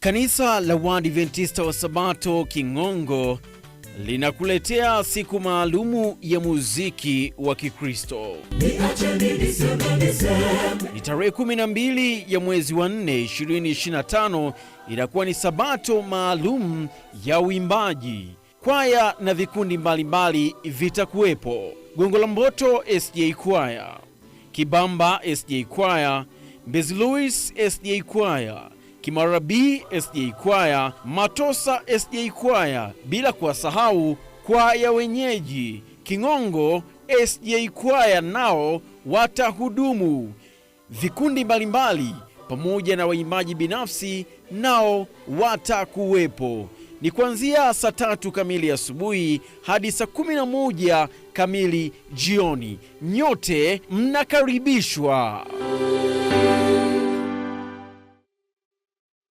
Kanisa la Waadventista wa Sabato King'ongo linakuletea siku maalumu ya muziki wa Kikristo. Ni tarehe 12 ya mwezi wa 4 2025, inakuwa ni sabato maalum ya uimbaji. Kwaya na vikundi mbalimbali vitakuwepo: Gongo la Mboto SJ Kwaya, Kibamba SJ Kwaya, Mbezi Louis SJ Kwaya Kimara B SJ Kwaya, Matosa SJ Kwaya, bila kuwasahau kwaya wenyeji King'ongo SJ Kwaya nao watahudumu. Vikundi mbalimbali pamoja na waimbaji binafsi nao watakuwepo. Ni kuanzia saa tatu kamili asubuhi hadi saa kumi na moja kamili jioni. Nyote mnakaribishwa.